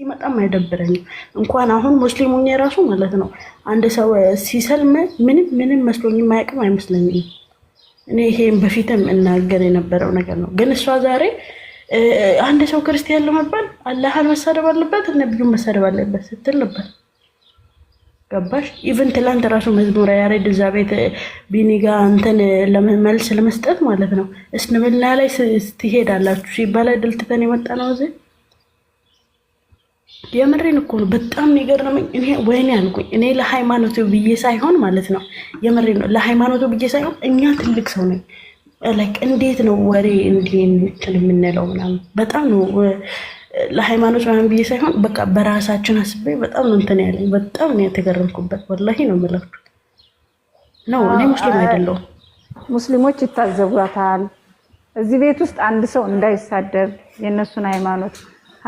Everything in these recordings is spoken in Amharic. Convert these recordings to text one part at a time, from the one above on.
ሲመጣም አይደብረኝም። እንኳን አሁን ሙስሊሙ የራሱ ማለት ነው አንድ ሰው ሲሰልም ምንም ምንም መስሎኝ የማያውቅም አይመስለኝም። እኔ ይሄን በፊትም እናገር የነበረው ነገር ነው። ግን እሷ ዛሬ አንድ ሰው ክርስቲያን ለመባል አላህን መሳደብ አለበት፣ ነቢዩን መሳደብ አለበት ስትል ነበር። ገባሽ? ኢቨን ትላንት ራሱ መዝሙረ ያሬድ እዛ ቤት ቢኒጋ አንተን መልስ ለመስጠት ማለት ነው እስልምና ላይ ትሄዳላችሁ ሲባል አይደል ትተን የመጣ ነው እዚህ የምሬን እኮ ነው። በጣም የሚገርመኝ እኔ ወይኔ ያልኩኝ እኔ ለሃይማኖቱ ብዬ ሳይሆን ማለት ነው የምሬን ነው ለሃይማኖቱ ብዬ ሳይሆን እኛ ትልቅ ሰው ነኝ። ላይክ እንዴት ነው ወሬ እንዲህ እንትን የምንለው ምናምን በጣም ነው ለሃይማኖት ምናምን ብዬ ሳይሆን በቃ በራሳችን አስቤ በጣም ነው እንትን ያለኝ። በጣም ነው የተገረምኩበት። ወላሂ ነው የምላችሁ ነው እኔ ሙስሊም አይደለሁም። ሙስሊሞች ይታዘቧታል። እዚህ ቤት ውስጥ አንድ ሰው እንዳይሳደብ የእነሱን ሃይማኖት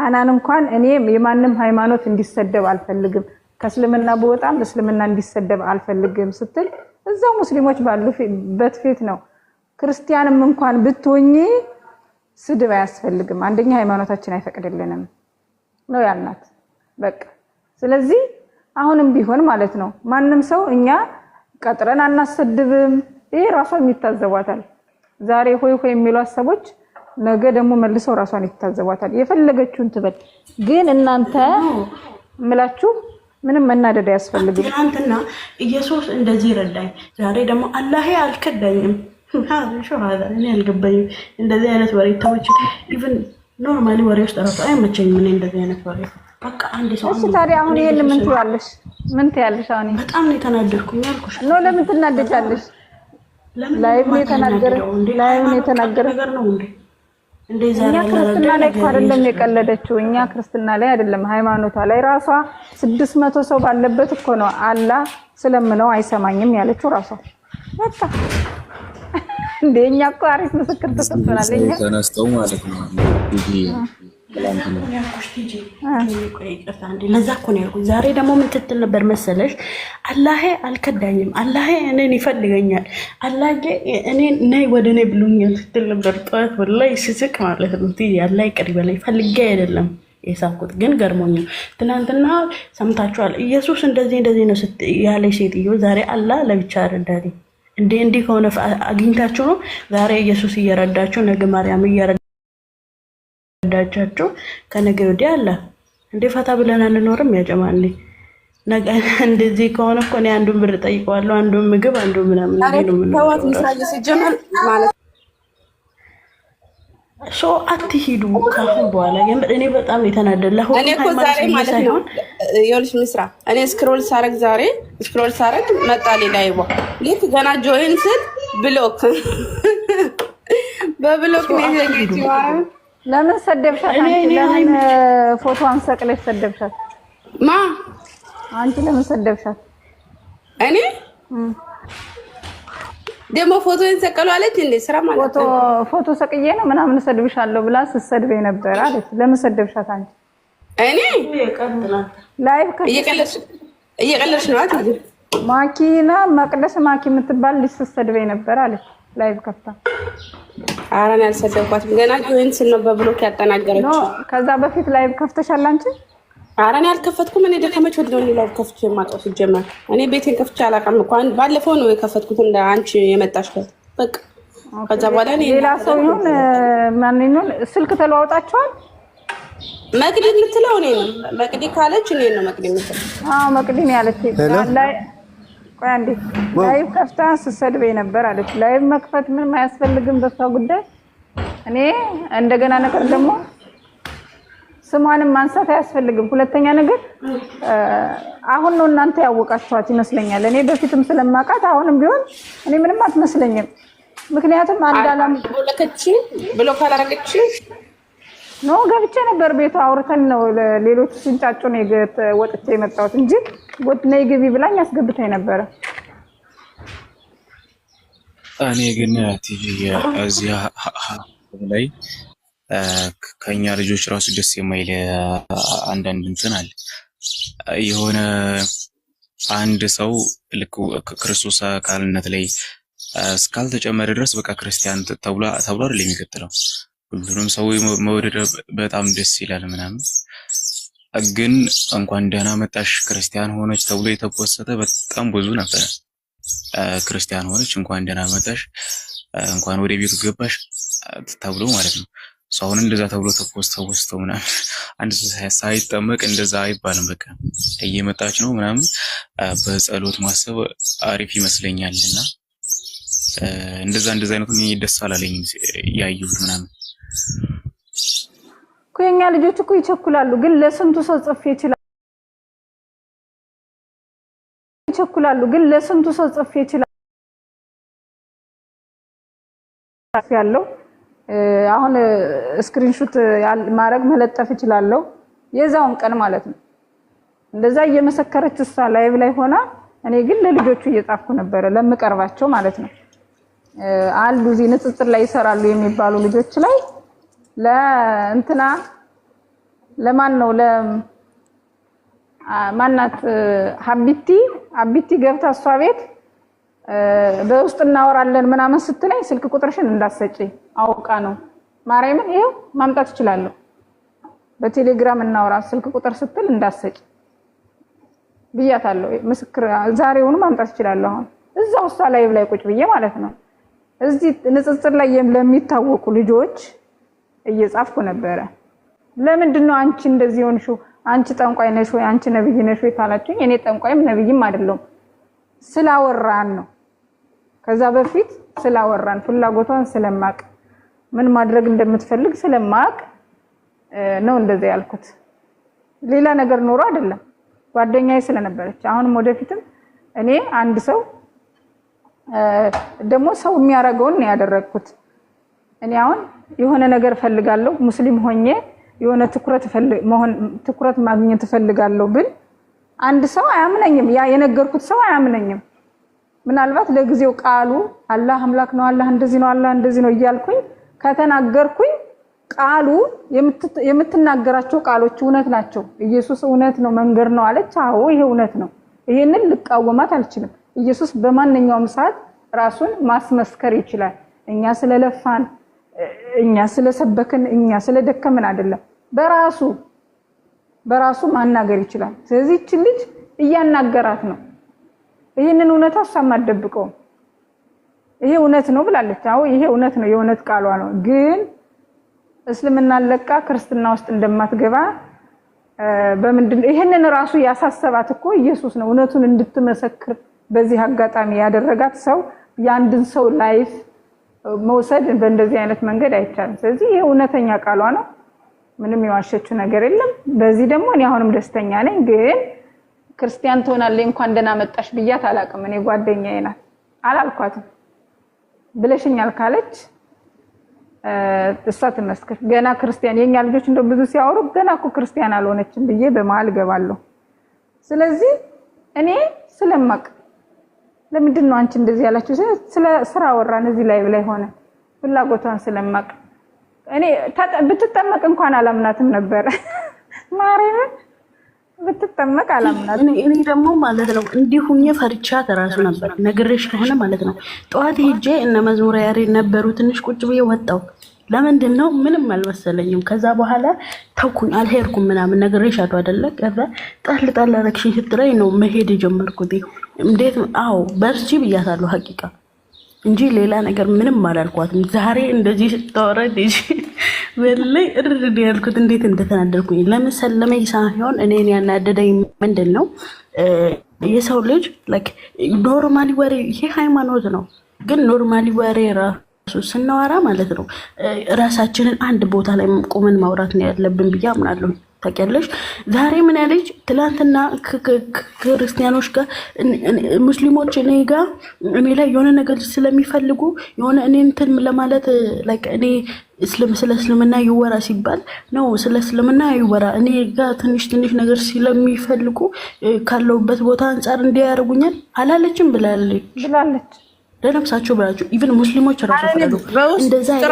አናን እንኳን እኔ የማንም ሃይማኖት እንዲሰደብ አልፈልግም፣ ከእስልምና ብወጣም እስልምና እንዲሰደብ አልፈልግም ስትል እዛው ሙስሊሞች ባሉበት ፊት ነው። ክርስቲያንም እንኳን ብትሆኚ ስድብ አያስፈልግም፣ አንደኛ ሃይማኖታችን አይፈቅድልንም ነው ያልናት። በቃ ስለዚህ አሁንም ቢሆን ማለት ነው ማንም ሰው እኛ ቀጥረን አናሰድብም። ይሄ ራሷ የሚታዘቧታል። ዛሬ ሆይ ሆይ የሚሉ ሰዎች ነገ ደግሞ መልሰው ራሷን ይታዘቧታል። የፈለገችውን ትበል። ግን እናንተ ምላችሁ ምንም መናደድ አያስፈልግም። ትናንትና ኢየሱስ እንደዚህ ረዳኝ፣ ዛሬ ደግሞ አላሄ አልከዳኝም። እኔ አልገባኝም። እንደዚህ አይነት ወሬ ተወች። ኢቭን ኖርማሊ ወሬ ውስጥ ራሱ አይመቸኝም። እኔ እንደዚህ አይነት ወሬ በቃ አንድ ሰው እሺ። ታዲያ አሁን ይሄን ምን ትያለሽ? ምን ትያለሽ? አሁን በጣም ነው የተናደድኩኝ ያልኩሽ ነው። ለምን ትናደጃለሽ? ላይቭ ነው የተናገረ ላይቭ ነው የተናገረ ነገር ነው እንዴ እኛ ክርስትና ላይ እኮ አይደለም የቀለደችው። እኛ ክርስትና ላይ አይደለም ሃይማኖቷ ላይ ራሷ ስድስት መቶ ሰው ባለበት እኮ ነው አላ ስለምነው አይሰማኝም ያለችው ራሷ። በቃ እንደ እኛ እኮ አሪፍ ምስክር ተሰጥቶናል። ተነስተው ማለት ነው ለዛ እኮ ነው ያልኩሽ። ዛሬ ደግሞ ምን ትትል ነበር መሰለሽ? አላሄ አልከዳኝም፣ አላሄ እኔን ይፈልገኛል፣ አላሄ እኔን ነይ ወደ እኔ ብሎኛል ስትል ነበር ጠዋት። ወላሂ ስስቅ ማለት ነው። አላህ ይቅር ይበለኝ ፈልጌ አይደለም የሳኩት ግን ገርሞኛል። ትናንትና ሰምታችኋል። ኢየሱስ እንደዚህ እንደዚህ ነው ያለ ሴትዮ ዛሬ አላ ለብቻ ረዳት እንዴ እንዲህ ከሆነ አግኝታችሁ ነው ዛሬ ኢየሱስ እየረዳችሁ ነገ ማርያም እየረዳ ከወዳጃችሁ ከነገ ወዲያ አለ እንዴ ፈታ ብለን አንኖርም። ያጨማል እንደዚህ ከሆነ እኮ እኔ አንዱን ብር ጠይቀዋለሁ፣ አንዱን ምግብ፣ አንዱን ምናምን ነው። ሶ አትሂዱ ካሁን በኋላ እኔ በጣም የተናደለሁ ነው የልሽ ምስራ እኔ ስክሮል ሳረግ ዛሬ ስክሮል ሳረግ መጣ ሌላ ይቧ ልክ ገና ጆይን ስል ብሎክ በብሎክ ነው ለምን ሰደብሻት? ለምን ፎቶዋን ሰቅለሽ ሰደብሻት? ማ አንቺ ለምን ሰደብሻት? እኔ ደግሞ ፎቶን ሰቀሉ አለች እንዴ? ስራ ማለት ፎቶ ፎቶ ሰቅዬ ነው ምናምን ሰድብሻለሁ ብላ ስትሰድበኝ ነበር አለች። ለምን ሰደብሻት አንቺ? እኔ ላይቭ እየቀለድሽ ነው ማኪና መቅደስ ማኪ የምትባል ልጅ ስትሰድበኝ ነበር አለች ላይቭ ከፍታ አረን ያልሰደብኳትም ገና ጆይን ስል ነው በብሎክ ያጠናገረችው። ከዛ በፊት ላይ ከፍተሻል አንቺ? አረን ያልከፈትኩም እኔ ደከመች። ወደ ነው ላይ ከፍቼ የማውቀው ሲጀመር እኔ ቤቴን ከፍቼ አላውቅም እኮ ባለፈው ነው የከፈትኩት እንደ አንቺ የመጣሽበት በቃ። ከዛ በኋላ ሌላ ሰው ይሁን ማንኛውን ስልክ ተለዋውጣችኋል? መቅዲ የምትለው እኔ ነው መቅዲ ካለች እኔ ነው መቅዲ የምትለው መቅዲ ነው ያለች አንዴ ላይቭ ከፍታ ስትሰድበኝ ነበር አለች። ላይቭ መክፈት ምንም አያስፈልግም በሷ ጉዳይ። እኔ እንደገና ነገር ደግሞ ስሟንም ማንሳት አያስፈልግም። ሁለተኛ ነገር አሁን ነው እናንተ ያወቃችኋት ይመስለኛል። እኔ በፊትም ስለማውቃት አሁንም ቢሆን እኔ ምንም አትመስለኝም። ምክንያቱም አንድ አላም ብሎ ካላረገች ኖ ገብቼ ነበር ቤቱ አውርተን ነው ሌሎች ሲንጫጩ ነው ወጥቼ የመጣሁት እንጂ ወጥ ነይ ግቢ ብላኝ አስገብታኝ ነበረ። እኔ ግን ቲጂ እዚህ ላይ ከኛ ልጆች ራሱ ደስ የማይል አንዳንድ እንትን አለ። የሆነ አንድ ሰው ልክ ክርስቶስ አካልነት ላይ እስካልተጨመረ ድረስ በቃ ክርስቲያን ተብሎ አይደል የሚቀጥለው ሁሉንም ሰው መውደድ በጣም ደስ ይላል ምናምን ግን እንኳን ደህና መጣሽ ክርስቲያን ሆነች ተብሎ የተፖሰተ በጣም ብዙ ነበረ። ክርስቲያን ሆነች፣ እንኳን ደህና መጣሽ፣ እንኳን ወደ ቤቱ ገባሽ ተብሎ ማለት ነው። አሁን እንደዛ ተብሎ ተፖስተ ውስጥ ምናምን አንድ ሳይጠመቅ እንደዛ አይባልም። በቃ እየመጣች ነው ምናምን በጸሎት ማሰብ አሪፍ ይመስለኛል። እና እንደዛ እንደዛ አይነቱን ደስ አላለኝም ያየሁት ምናምን እኮ የኛ ልጆች እኮ ይቸኩላሉ፣ ግን ለስንቱ ሰው ጽፌ ይችላል ይቸኩላሉ፣ ግን ለስንቱ ሰው ጽፌ ይችላል ያለው አሁን ስክሪንሹት ማድረግ መለጠፍ እችላለሁ፣ የዛውን ቀን ማለት ነው። እንደዛ እየመሰከረች እሷ ላይቭ ላይ ሆና፣ እኔ ግን ለልጆቹ እየጻፍኩ ነበረ ለምቀርባቸው ማለት ነው። አሉ እዚህ ንጽጽር ላይ ይሰራሉ የሚባሉ ልጆች ላይ ለእንትና ለማን ነው ለማናት ሀቢቲ አቢቲ ገብታ እሷ ቤት በውስጥ እናወራለን ምናምን ስትለኝ ስልክ ቁጥርሽን እንዳሰጪ አውቃ ነው። ማርያምን ይሄው ማምጣት እችላለሁ። በቴሌግራም እናወራ ስልክ ቁጥር ስትል እንዳትሰጪ ብያታለሁ። ምስክር ዛሬውኑ ማምጣት እችላለሁ። አሁን እዛ ውሳ ላይ ብላይ ቁጭ ብዬ ማለት ነው። እዚህ ንጽጽር ላይ ለሚታወቁ ልጆች እየጻፍኩ ነበረ። ለምንድን ነው አንቺ እንደዚህ ሆንሽው? አንቺ ጠንቋይ ነሽ ወይ አንቺ ነብይ ነሽ ወይ ካላችሁኝ እኔ ጠንቋይም ነብይም አይደለሁም። ስላወራን ነው። ከዛ በፊት ስላወራን ፍላጎቷን ስለማቅ ምን ማድረግ እንደምትፈልግ ስለማቅ ነው እንደዚህ ያልኩት። ሌላ ነገር ኖሮ አይደለም። ጓደኛዬ ስለነበረች አሁንም ወደፊትም እኔ አንድ ሰው ደግሞ ሰው የሚያደርገውን ነው ያደረግኩት እኔ አሁን የሆነ ነገር እፈልጋለሁ ሙስሊም ሆኜ የሆነ ትኩረት ትኩረት ማግኘት እፈልጋለሁ ብል አንድ ሰው አያምነኝም። ያ የነገርኩት ሰው አያምነኝም። ምናልባት ለጊዜው ቃሉ አላህ አምላክ ነው፣ አላህ እንደዚህ ነው፣ አላህ እንደዚህ ነው እያልኩኝ ከተናገርኩኝ ቃሉ የምትናገራቸው ቃሎች እውነት ናቸው። ኢየሱስ እውነት ነው፣ መንገድ ነው አለች። አዎ ይሄ እውነት ነው። ይሄንን ልቃወማት አልችልም። ኢየሱስ በማንኛውም ሰዓት ራሱን ማስመስከር ይችላል። እኛ ስለለፋን እኛ ስለሰበክን እኛ ስለደከምን አይደለም። በራሱ በራሱ ማናገር ይችላል። ስለዚህ ልጅ እያናገራት ነው። ይህንን እውነት እሷም አትደብቀውም። ይሄ እውነት ነው ብላለች። አዎ ይሄ እውነት ነው፣ የእውነት ቃሏ ነው። ግን እስልምና ለቃ ክርስትና ውስጥ እንደማትገባ በምንድን ይህንን ራሱ ያሳሰባት እኮ ኢየሱስ ነው። እውነቱን እንድትመሰክር በዚህ አጋጣሚ ያደረጋት ሰው የአንድን ሰው ላይፍ መውሰድ በእንደዚህ አይነት መንገድ አይቻልም። ስለዚህ ይህ እውነተኛ ቃሏ ነው። ምንም የዋሸችው ነገር የለም። በዚህ ደግሞ እኔ አሁንም ደስተኛ ነኝ። ግን ክርስቲያን ትሆናለች እንኳን ደህና መጣሽ ብያት አላውቅም። እኔ ጓደኛዬ ናት አላልኳትም። ብለሽኛል ካለች እሷ ትመስክር። ገና ክርስቲያን የኛ ልጆች እንደው ብዙ ሲያወሩ ገና እኮ ክርስቲያን አልሆነችም ብዬ በመሀል እገባለሁ። ስለዚህ እኔ ስለማቅ ለምንድን ነው አንቺ እንደዚህ ያላችሁ? ስለ ስራ ወራን እዚህ ላይ ላይ ሆነ ፍላጎቷን ስለማቅ እኔ ብትጠመቅ እንኳን አላምናትም ነበር ማርያምን ብትጠመቅ አላምናት። እኔ ደግሞ ማለት ነው እንዲሁም የፈርቻት እራሱ ነበር ነግሬሽ ከሆነ ማለት ነው ጠዋት ሄጄ እነ መዝሙር ያሬድ ነበሩ ትንሽ ቁጭ ብዬ ወጣው ለምንድን ነው ምንም አልመሰለኝም። ከዛ በኋላ ተኩኝ አልሄድኩም ምናምን ነግሬሻለሁ አይደለ? ከዛ ጣል ጣል አደረግሽኝ ስትለኝ ነው መሄድ የጀመርኩት። እንዴት? አዎ በርቺ ብያታለሁ ሀቂቃ እንጂ ሌላ ነገር ምንም አላልኳትም። ዛሬ እንደዚህ ስታወራኝ እንጂ ወላሂ እርድ ያልኩት እንዴት እንደተናደድኩኝ ለምን ሰለመኝ ሳይሆን እኔን ያናደደኝ ምንድን ነው የሰው ልጅ ኖርማሊ ወሬ ይሄ ሃይማኖት ነው፣ ግን ኖርማሊ ወሬ ራሱ ስናወራ ማለት ነው ራሳችንን አንድ ቦታ ላይ ቁምን ማውራት ነው ያለብን ብዬ አምናለሁ። ታውቂያለሽ። ዛሬ ምን ያለች ትላንትና ክርስቲያኖች ጋር ሙስሊሞች እኔ ጋር እኔ ላይ የሆነ ነገር ስለሚፈልጉ የሆነ እኔ እንትን ለማለት እኔ ስለ እስልምና ይወራ ሲባል ነው። ስለ እስልምና ይወራ እኔ ጋር ትንሽ ትንሽ ነገር ስለሚፈልጉ ካለውበት ቦታ አንጻር እንዲያደርጉኛል አላለችም ብላለች ብላለች። ለነብሳቸው ብላችሁ ኢቨን ሙስሊሞች ራሱ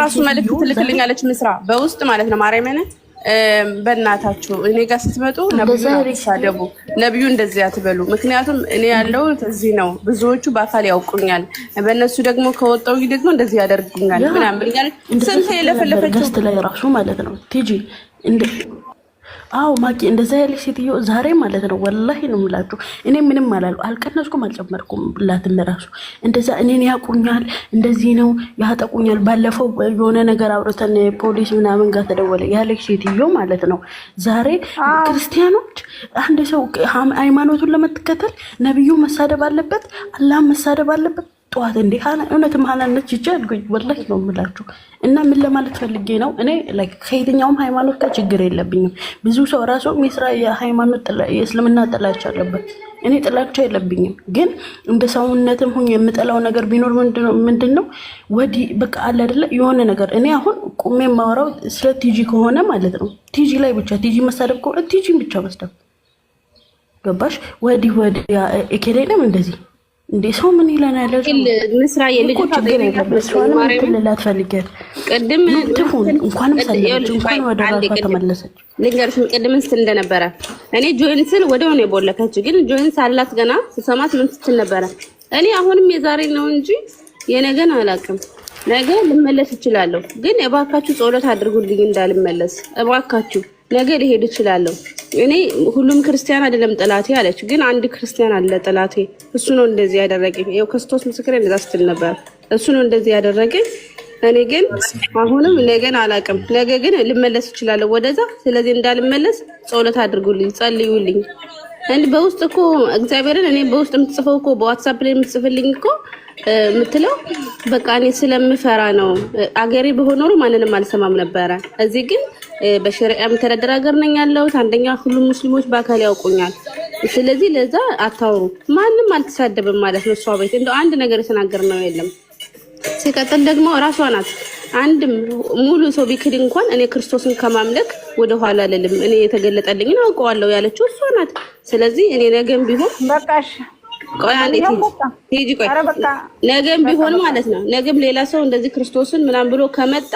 ራሱ መልዕክት ትልክልኛለች ምስራ በውስጥ ማለት ነው ማርያም አይነት በእናታችሁ እኔ ጋር ስትመጡ ነብዩን አትሳደቡ፣ ነብዩ እንደዚህ አትበሉ። ምክንያቱም እኔ ያለው እዚህ ነው። ብዙዎቹ በአካል ያውቁኛል። በእነሱ ደግሞ ከወጣው ደግሞ እንደዚህ ያደርጉኛል ምናምን። ስንት የለፈለፈችው ላይ ራሱ ማለት ነው ቲጂ አዎ ማቂ እንደዛ ያለች ሴትዮ ዛሬ ማለት ነው። ወላሂ ነው የምላችሁ። እኔ ምንም አላሉ አልቀነስኩም፣ አልጨመርኩም ብላትን ራሱ እንደዛ እኔን ያቁኛል፣ እንደዚህ ነው ያጠቁኛል። ባለፈው የሆነ ነገር አውርተን ፖሊስ ምናምን ጋር ተደወለ ያለች ሴትዮ ማለት ነው። ዛሬ ክርስቲያኖች አንድ ሰው ሃይማኖቱን ለመትከተል ነቢዩ መሳደብ አለበት፣ አላህ መሳደብ አለበት ጠዋት እንዲ እውነትም ሀናን ነች ይቺ አልኩኝ። ወላሂ ነው የምላችሁ። እና ምን ለማለት ፈልጌ ነው እኔ ከየትኛውም ሃይማኖት ጋር ችግር የለብኝም። ብዙ ሰው ራሱ የስራ የሃይማኖት የእስልምና ጥላቻ አለበት። እኔ ጥላቻ የለብኝም፣ ግን እንደ ሰውነትም ሁኝ የምጠላው ነገር ቢኖር ምንድን ነው ወዲ በቃ አለ አይደለ የሆነ ነገር እኔ አሁን ቁሜ የማወራው ስለ ቲጂ ከሆነ ማለት ነው ቲጂ ላይ ብቻ ቲጂ መሳደብ ከሆነ ቲጂን ብቻ መስደብ ገባሽ? ወዲህ ወዲያ ኤኬሌንም እንደዚህ እንዴ ሰው ምን ይለናል? ምስራ የልጆች ችግር ፈልገን ቅድም ትፉን እንኳንም ሰለች ወደ ተመለሰች። ልንገርሽ ቅድምን ስትል እንደነበረ እኔ ጆይን ስል ወደው ነው የቦለከች፣ ግን ጆይን ሳላት ገና ስሰማት ምን ስትል ነበረ? እኔ አሁንም የዛሬ ነው እንጂ የነገን አላውቅም። ነገ ልመለስ እችላለሁ። ግን እባካችሁ ጸሎት አድርጉልኝ እንዳልመለስ እባካችሁ ነገ ሊሄድ እችላለሁ። እኔ ሁሉም ክርስቲያን አይደለም ጠላቴ አለች፣ ግን አንድ ክርስቲያን አለ ጠላቴ። እሱ ነው እንደዚህ ያደረገኝ። ይኸው ክርስቶስ ምስክር እንደዛ ስትል ነበር። እሱ ነው እንደዚህ ያደረገኝ። እኔ ግን አሁንም ነገን አላውቅም። ነገ ግን ልመለስ እችላለሁ ወደዛ። ስለዚህ እንዳልመለስ ጸሎት አድርጉልኝ፣ ጸልዩልኝ። እንዲ በውስጥ እኮ እግዚአብሔርን እኔ በውስጥ የምትጽፈው እኮ በዋትሳፕ ላይ የምትጽፍልኝ እኮ የምትለው በቃ እኔ ስለምፈራ ነው። አገሬ በሆኖሩ ማንንም አልሰማም ነበረ። እዚህ ግን በሸሪያ የምተዳደር ሀገር ነኝ ያለሁት። አንደኛ ሁሉም ሙስሊሞች በአካል ያውቁኛል። ስለዚህ ለዛ አታውሩ፣ ማንም አልተሳደብም ማለት ነው። እሷ ቤት እንደው አንድ ነገር የተናገር ነው የለም። ሲቀጥል ደግሞ እራሷ ናት። አንድም ሙሉ ሰው ቢክድ እንኳን እኔ ክርስቶስን ከማምለክ ወደኋላ አልልም፣ እኔ የተገለጠልኝን አውቀዋለሁ ያለችው እሷ ናት። ስለዚህ እኔ ነገም ቢሆን በቃሽ ቆይ ነገም ቢሆን ማለት ነው ነገም ሌላ ሰው እንደዚህ ክርስቶስን ምናምን ብሎ ከመጣ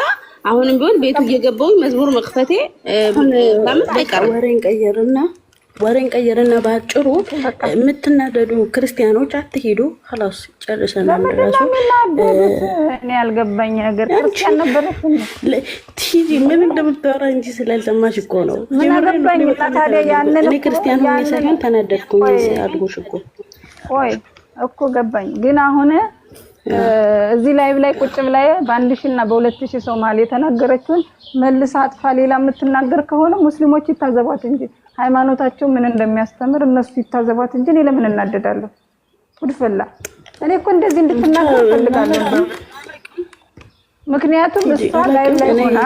አሁንም ቢሆን ቤቱ እየገባሁኝ መዝሙር መክፈቴ ለምን አይቀርም። ወሬን ቀየርና ወሬን ቀየርና በአጭሩ የምትናደዱ ክርስቲያኖች አትሂዱ። ላስ ጨርሰናል። ራሱ እኔ ያልገባኝ ነገር ክርስቲያን ነበረች ምን እንደምታወራ እንጂ ስላልሰማሽ እኮ ነው። እኔ ክርስቲያን ሆኜ ሳይሆን ተናደድኩኝ አልኩሽ እኮ። ቆይ እኮ ገባኝ ግን አሁን እዚህ ላይቭ ላይ ቁጭ ብላ በአንድ ሺ እና በሁለት ሺ ሰው መሀል የተናገረችውን መልስ አጥፋ ሌላ የምትናገር ከሆነ ሙስሊሞች ይታዘቧት እንጂ ሃይማኖታቸው ምን እንደሚያስተምር እነሱ ይታዘቧት እንጂ እኔ ለምን እናደዳለሁ? ውድፈላ እኔ እኮ እንደዚህ እንድትናገር እፈልጋለሁ። ምክንያቱም እሷ ላይቭ ላይ ሆና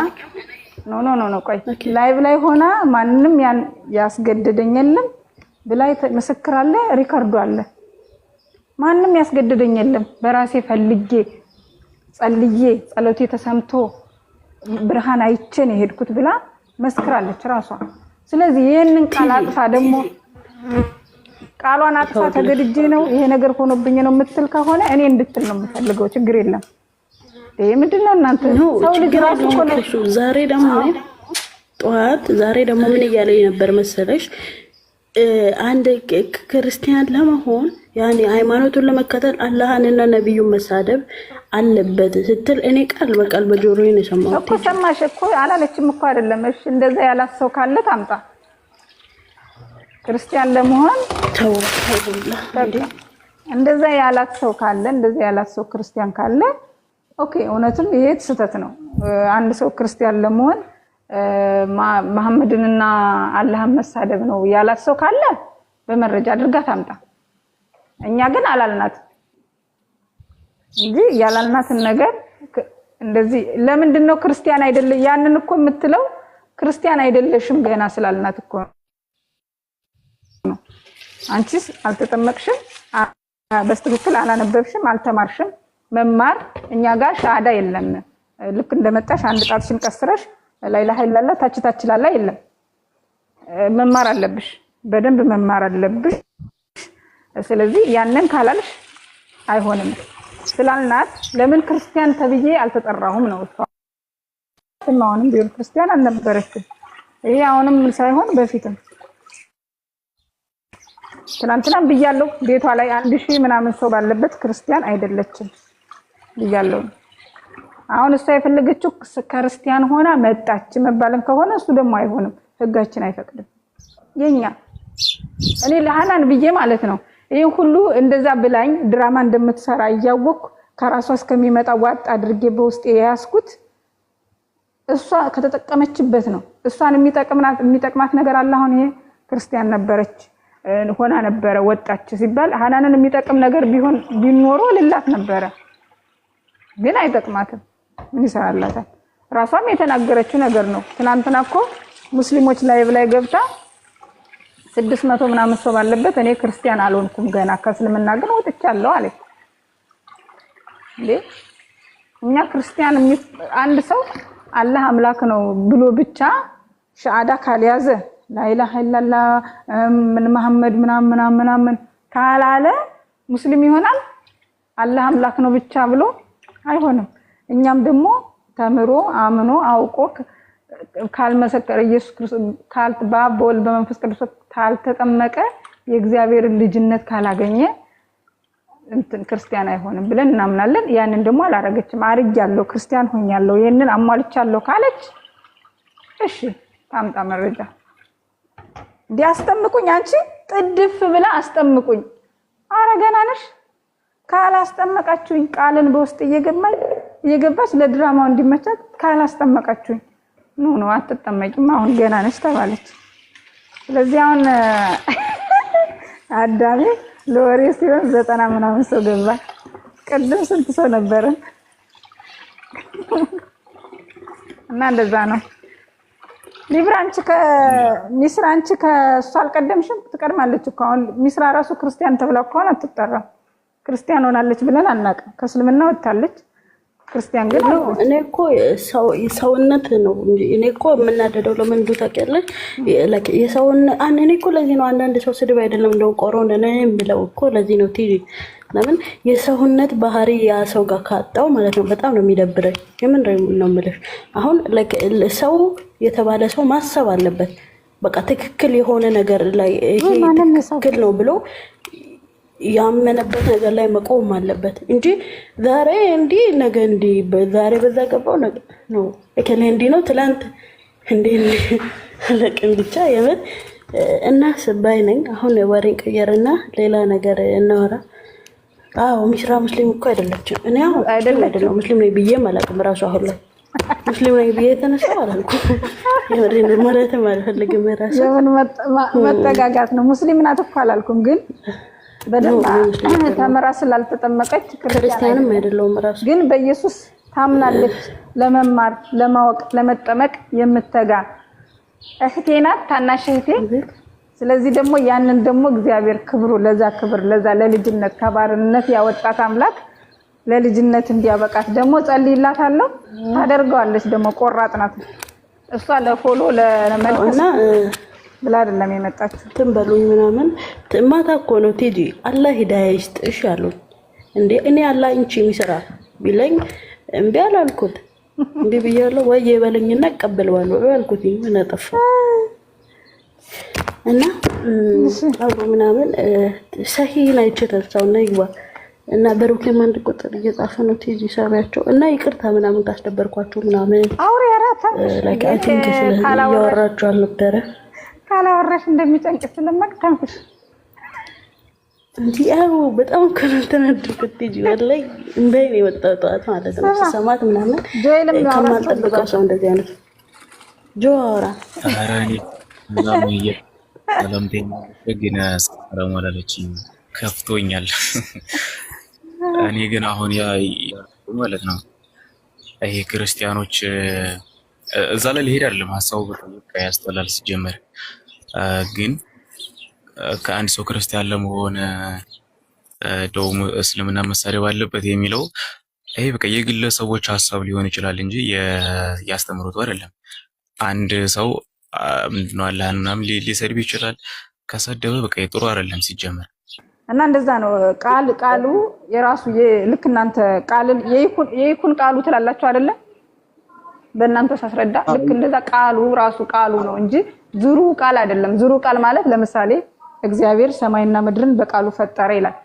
ኖ ኖ ኖ ቆይ ላይቭ ላይ ሆና ማንም ያን ያስገደደኝ የለም ምስክር አለ፣ ሪከርዱ አለ ማንም ያስገደደኝ የለም። በራሴ ፈልጌ ጸልዬ ጸሎቴ ተሰምቶ ብርሃን አይቼ ነው የሄድኩት ብላ መስክራለች ራሷ። ስለዚህ ይህንን ቃል አጥፋ ደግሞ ቃሏን አጥፋ ተገድጄ ነው ይሄ ነገር ሆኖብኝ ነው የምትል ከሆነ እኔ እንድትል ነው የምፈልገው። ችግር የለም። ይሄ ምንድን ነው እናንተ? ሰው ልጅ ራሱ ዛሬ ደግሞ ጠዋት ዛሬ ደግሞ ምን እያለኝ ነበር መሰለሽ አንድ ክርስቲያን ለመሆን ያኔ ሃይማኖቱን ለመከተል አላህንና ነቢዩን መሳደብ አለበት ስትል እኔ ቃል በቃል በጆሮ ነው የሰማሁት እኮ። ሰማሽ እኮ አላለችም እኮ አይደለም። እሺ እንደዛ ያላት ሰው ካለ ታምጣ። ክርስቲያን ለመሆን ተው እንደዛ ያላት ሰው ካለ እንደዛ ያላት ሰው ክርስቲያን ካለ ኦኬ፣ እውነትም ይሄ ስህተት ነው። አንድ ሰው ክርስቲያን ለመሆን መሐመድንና አላህን መሳደብ ነው ያላት ሰው ካለ በመረጃ አድርጋ ታምጣ። እኛ ግን አላልናት እንጂ ያላልናትን ነገር እንደዚህ ለምንድን ነው ክርስቲያን አይደለ? ያንን እኮ የምትለው ክርስቲያን አይደለሽም ገና ስላልናት እኮ ነው። አንቺስ አልተጠመቅሽም፣ በስትክክል አላነበብሽም፣ አልተማርሽም። መማር እኛ ጋር ሻዳ የለም። ልክ እንደመጣሽ አንድ ጣትሽን ቀስረሽ ላይ ላይ ላላ ታች ታች ላላ የለም። መማር አለብሽ፣ በደንብ መማር አለብሽ። ስለዚህ ያንን ካላልሽ አይሆንም ስላልናት ለምን ክርስቲያን ተብዬ አልተጠራሁም ነው እሷ። አሁንም ቢሆን ክርስቲያን አልነበረችም። ይሄ አሁንም ሳይሆን በፊትም ትናንትናም ብያለሁ። ቤቷ ላይ አንድ ሺህ ምናምን ሰው ባለበት ክርስቲያን አይደለችም ብያለሁ። አሁን እሷ የፈለገችው ክርስቲያን ሆና መጣች መባልን ከሆነ እሱ ደግሞ አይሆንም፣ ህጋችን አይፈቅድም። የኛ እኔ ለሀናን ብዬ ማለት ነው ይህን ሁሉ እንደዛ ብላኝ ድራማ እንደምትሰራ እያወቅኩ ከራሷ እስከሚመጣ ዋጥ አድርጌ በውስጥ የያዝኩት እሷ ከተጠቀመችበት ነው። እሷን የሚጠቅማት ነገር አለ። አሁን ይሄ ክርስቲያን ነበረች ሆና ነበረ ወጣች ሲባል ሀናንን የሚጠቅም ነገር ቢሆን ቢኖሮ ልላት ነበረ፣ ግን አይጠቅማትም። ይሰራላታል። ራሷም የተናገረችው ነገር ነው። ትናንትና እኮ ሙስሊሞች ላይቭ ላይ ገብታ ስድስት መቶ ምናምን ሰው ባለበት እኔ ክርስቲያን አልሆንኩም ገና ከእስልምና ግን ወጥቻለሁ አለች። እኛ ክርስቲያን አንድ ሰው አላህ አምላክ ነው ብሎ ብቻ ሻአዳ ካልያዘ ላኢላሃ ኢላላ ምን መሐመድ ምናምን ምናምን ምናምን ካላለ ሙስሊም ይሆናል? አላህ አምላክ ነው ብቻ ብሎ አይሆንም። እኛም ደግሞ ተምሮ አምኖ አውቆ ካልመሰከረ ኢየሱስ ክርስቶስ በአብ በወልድ በመንፈስ ቅዱስ ካልተጠመቀ የእግዚአብሔርን ልጅነት ካላገኘ ክርስቲያን አይሆንም ብለን እናምናለን። ያንን ደግሞ አላረገችም። አርጊያለሁ፣ ክርስቲያን ሆኛለሁ፣ ይህንን አሟልቻለሁ ካለች እሺ ታምጣ መረጃ እንዲህ አስጠምቁኝ፣ አንቺ ጥድፍ ብላ አስጠምቁኝ። አረ ገና ነሽ ካላስጠመቃችሁኝ ቃልን በውስጥ እየገባኝ እየገባች ለድራማው እንዲመቻት ካላስጠመቀችኝ ኑ ነው አትጠመቂም፣ አሁን ገና ነች ተባለች። ስለዚህ አሁን አዳሜ ለወሬ ሲሆን ዘጠና ምናምን ሰው ገባ። ቅድም ስንት ሰው ነበርን? እና እንደዛ ነው። ሊብራ አንቺ ከሚስራ አንቺ ከእሱ አልቀደምሽም። ትቀድማለች እኮ አሁን ሚስራ ራሱ ክርስቲያን ተብላ ከሆነ አትጠራም። ክርስቲያን ሆናለች ብለን አናውቅም። ከእስልምና ወጥታለች። ክርስቲያን ግን እኔ እኮ ሰውነት ነው እንጂ እኔ እኮ የምናደደው ለምን እንዱ ታውቂያለሽ? የሰውን እኔ እኮ ለዚህ ነው አንዳንድ ሰው ስድብ አይደለም እንደው ቆሮ የሚለው እኮ ለዚህ ነው ቲጂ ለምን የሰውነት ባህሪ ያ ሰው ጋር ካጣው ማለት ነው በጣም ነው የሚደብረኝ። የምን ነው የምልሽ አሁን ሰው የተባለ ሰው ማሰብ አለበት። በቃ ትክክል የሆነ ነገር ላይ ይሄ ትክክል ነው ብሎ ያመነበት ነገር ላይ መቆም አለበት እንጂ ዛሬ እንዲህ ነገ እንዲህ ዛሬ በዛ ገባው ነገ ነው እከሌ እንዲህ ነው ትላንት እንዲህ አለቅም። ብቻ የምር እና ስባይ ነኝ። አሁን ወሬን ቀየርና ሌላ ነገር እናወራ። አዎ ሚስራ ሙስሊም እኮ አይደለችም። እኔ አሁን አይደለም ሙስሊም ነኝ ብዬ አላውቅም። ራሱ አሁን ላይ ሙስሊም ነኝ ብዬ የተነሳው አላልኩም። የምሬን ማለትም አልፈልግም። ራሱ መጠጋጋት ነው። ሙስሊም ናት እኮ አላልኩም ግን ተምራ ስላልተጠመቀች ክርስቲያንም አይደለውም። ራሱ ግን በኢየሱስ ታምናለች። ለመማር ለማወቅ ለመጠመቅ የምትተጋ እህቴ ናት፣ ታናሽ እህቴ። ስለዚህ ደግሞ ያንን ደግሞ እግዚአብሔር ክብሩ ለዛ ክብር ለዛ ለልጅነት ከባርነት ያወጣት አምላክ ለልጅነት እንዲያበቃት ደግሞ ጸልይላታለሁ። ታደርገዋለች። ደግሞ ቆራጥ ናት እሷ ለፎሎ ለመልክና ብላ አይደለም የመጣችሁ እንትን በሉኝ ምናምን ማታ እኮ ነው ቴዲ አላ ሂዳያ ይስጥሽ አሉኝ። እንዴ እኔ አላ እንቺ የሚሰራ ቢለኝ እምቢ አላልኩት። እምቢ ብያለሁ ወይ የበለኝና እቀበለዋለሁ አልኩት። ምን አጠፋ እና አብሮ ምናምን ሰሂን አይቼ ተሳው እና ይግባ እና በሮኬም አንድ ቁጥር እየጻፈ ነው ቴዚ ሰሪያቸው እና ይቅርታ ምናምን ካስደበርኳቸው ምናምን አውሬ አራት ላይክ አይ ቲንክ ስለ እያወራቸው አልነበረ ካላወራሽ እንደሚጨንቅ ስለማቅ ተንኩሽ እንዲያው በጣም እኮ ነው ወላይ እንበይ ነው የወጣው ጠዋት ማለት ነው ሰማት ምናምን ከማልጠብቀው ሰው እንደዚህ አይነት ጆ አውራ ከፍቶኛል። እኔ ግን አሁን ያ ማለት ነው ይሄ ክርስቲያኖች እዛ ላይ ሊሄድ አይደለም ሀሳቡ በቃ ያስጠላል ሲጀመር ግን ከአንድ ሰው ክርስቲያን ለመሆን እንደውም እስልምና መሳሪያ ባለበት የሚለው ይሄ በቃ የግለሰቦች ሀሳብ ሊሆን ይችላል እንጂ ያስተምሩት አይደለም። አንድ ሰው ምንድነው አላህን ምናምን ሊሰድብ ይችላል። ከሰደበ በቃ የጥሩ አይደለም ሲጀመር እና እንደዛ ነው። ቃል ቃሉ የራሱ ልክ እናንተ ቃልን የይኩን ቃሉ ትላላችሁ አይደለም በእናንተ ሳስረዳ ልክ እንደዛ ቃሉ ራሱ ቃሉ ነው እንጂ ዝሩ ቃል አይደለም። ዝሩ ቃል ማለት ለምሳሌ እግዚአብሔር ሰማይና ምድርን በቃሉ ፈጠረ ይላል።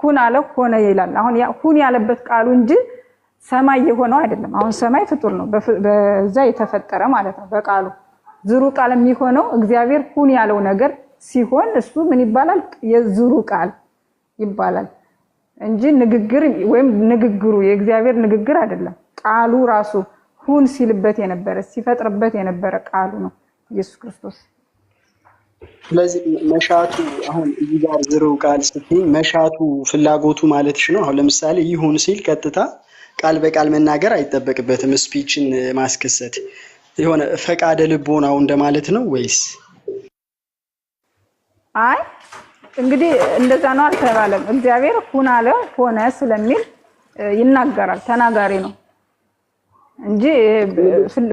ሁን አለ ሆነ ይላል። አሁን ሁን ያለበት ቃሉ እንጂ ሰማይ የሆነው አይደለም። አሁን ሰማይ ፍጡር ነው፣ በዛ የተፈጠረ ማለት ነው በቃሉ። ዝሩ ቃል የሚሆነው እግዚአብሔር ሁን ያለው ነገር ሲሆን እሱ ምን ይባላል? የዝሩ ቃል ይባላል እንጂ ንግግር ወይም ንግግሩ የእግዚአብሔር ንግግር አይደለም ቃሉ ራሱ ሁን ሲልበት የነበረ ሲፈጥርበት የነበረ ቃሉ ነው ኢየሱስ ክርስቶስ። ስለዚህ መሻቱ አሁን እዚህ ጋር ዝርው ቃል ስትይ መሻቱ ፍላጎቱ ማለትሽ ነው። አሁን ለምሳሌ ይሁን ሲል ቀጥታ ቃል በቃል መናገር አይጠበቅበትም፣ ስፒችን ማስከሰት የሆነ ፈቃደ ልቦናው እንደማለት ነው ወይስ? አይ እንግዲህ እንደዛ ነው አልተባለም። እግዚአብሔር ሁን አለ ሆነ ስለሚል ይናገራል። ተናጋሪ ነው። እንጂ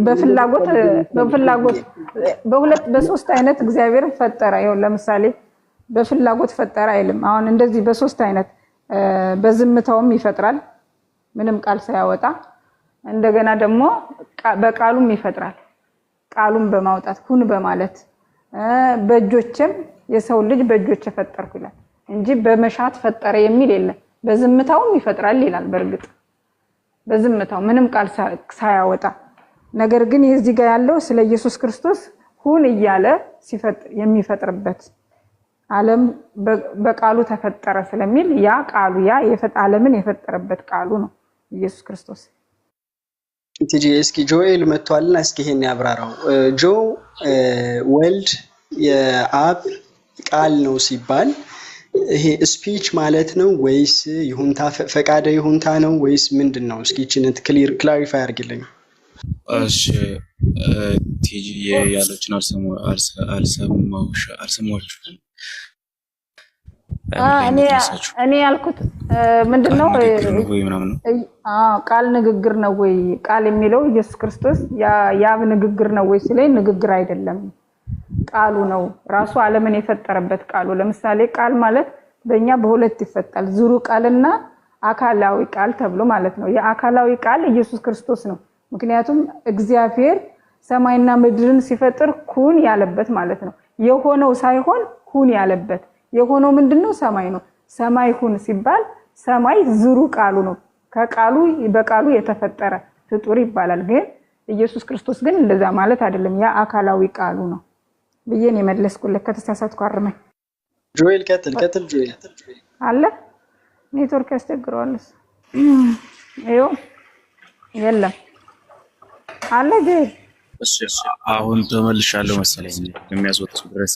በፍላጎት በፍላጎት በሁለት በሶስት አይነት እግዚአብሔር ፈጠረ። ይኸው ለምሳሌ በፍላጎት ፈጠረ አይልም። አሁን እንደዚህ በሶስት አይነት በዝምታውም ይፈጥራል፣ ምንም ቃል ሳያወጣ እንደገና ደግሞ በቃሉም ይፈጥራል፣ ቃሉም በማውጣት ሁን በማለት በእጆቼም የሰው ልጅ በእጆቼ ፈጠርኩ ይላል እንጂ በመሻት ፈጠረ የሚል የለም። በዝምታውም ይፈጥራል ይላል በእርግጥ በዝምታው ምንም ቃል ሳያወጣ ነገር ግን የዚህ ጋር ያለው ስለ ኢየሱስ ክርስቶስ ሁን እያለ የሚፈጥርበት ዓለም በቃሉ ተፈጠረ ስለሚል ያ ቃሉ ያ ዓለምን የፈጠረበት ቃሉ ነው ኢየሱስ ክርስቶስ። ትጂ እስኪ ጆኤል መጥቷልና እስኪ ይሄን ያብራራው። ጆ ወልድ የአብ ቃል ነው ሲባል ይሄ ስፒች ማለት ነው ወይስ ይሁንታ ፈቃደ ይሁንታ ነው ወይስ ምንድን ነው? እስኪ ችነት ክላሪፋይ አድርግልኝ። እሺ ቲጂ ያለችን እኔ ያልኩት ምንድን ነው ቃል ንግግር ነው ወይ ቃል የሚለው ኢየሱስ ክርስቶስ ያብ ንግግር ነው ወይ ሲለኝ ንግግር አይደለም ቃሉ ነው ራሱ ዓለምን የፈጠረበት ቃሉ። ለምሳሌ ቃል ማለት በእኛ በሁለት ይፈጣል፣ ዝሩ ቃልና አካላዊ ቃል ተብሎ ማለት ነው። የአካላዊ ቃል ኢየሱስ ክርስቶስ ነው። ምክንያቱም እግዚአብሔር ሰማይና ምድርን ሲፈጥር ኩን ያለበት ማለት ነው። የሆነው ሳይሆን ሁን ያለበት የሆነው ምንድን ነው? ሰማይ ነው። ሰማይ ሁን ሲባል ሰማይ ዝሩ ቃሉ ነው። ከቃሉ በቃሉ የተፈጠረ ፍጡር ይባላል። ግን ኢየሱስ ክርስቶስ ግን እንደዛ ማለት አይደለም። ያ አካላዊ ቃሉ ነው። ብዬ ብዬን የመለስኩለት ከተሳሳትኩ አርመኝ። ጆኤል ቀጥል ቀጥል። ጆኤል አለ ኔትወርክ ያስቸግረዋል። ይኸው የለም አለ ጆኤል። አሁን ተመልሻለሁ መሰለኝ። የሚያስወጡ ድረስ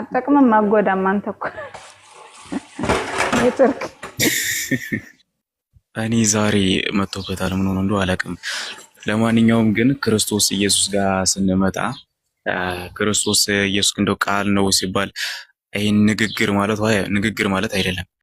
አጠቅምም አጎዳም። አንተ እኮ ኔትወርክ እኔ ዛሬ መጥቶበታል። ምን ሆነ እንደው አላውቅም። ለማንኛውም ግን ክርስቶስ ኢየሱስ ጋር ስንመጣ ክርስቶስ ኢየሱስ እንደው ቃል ነው ሲባል ይህን ንግግር ማለት ንግግር ማለት አይደለም።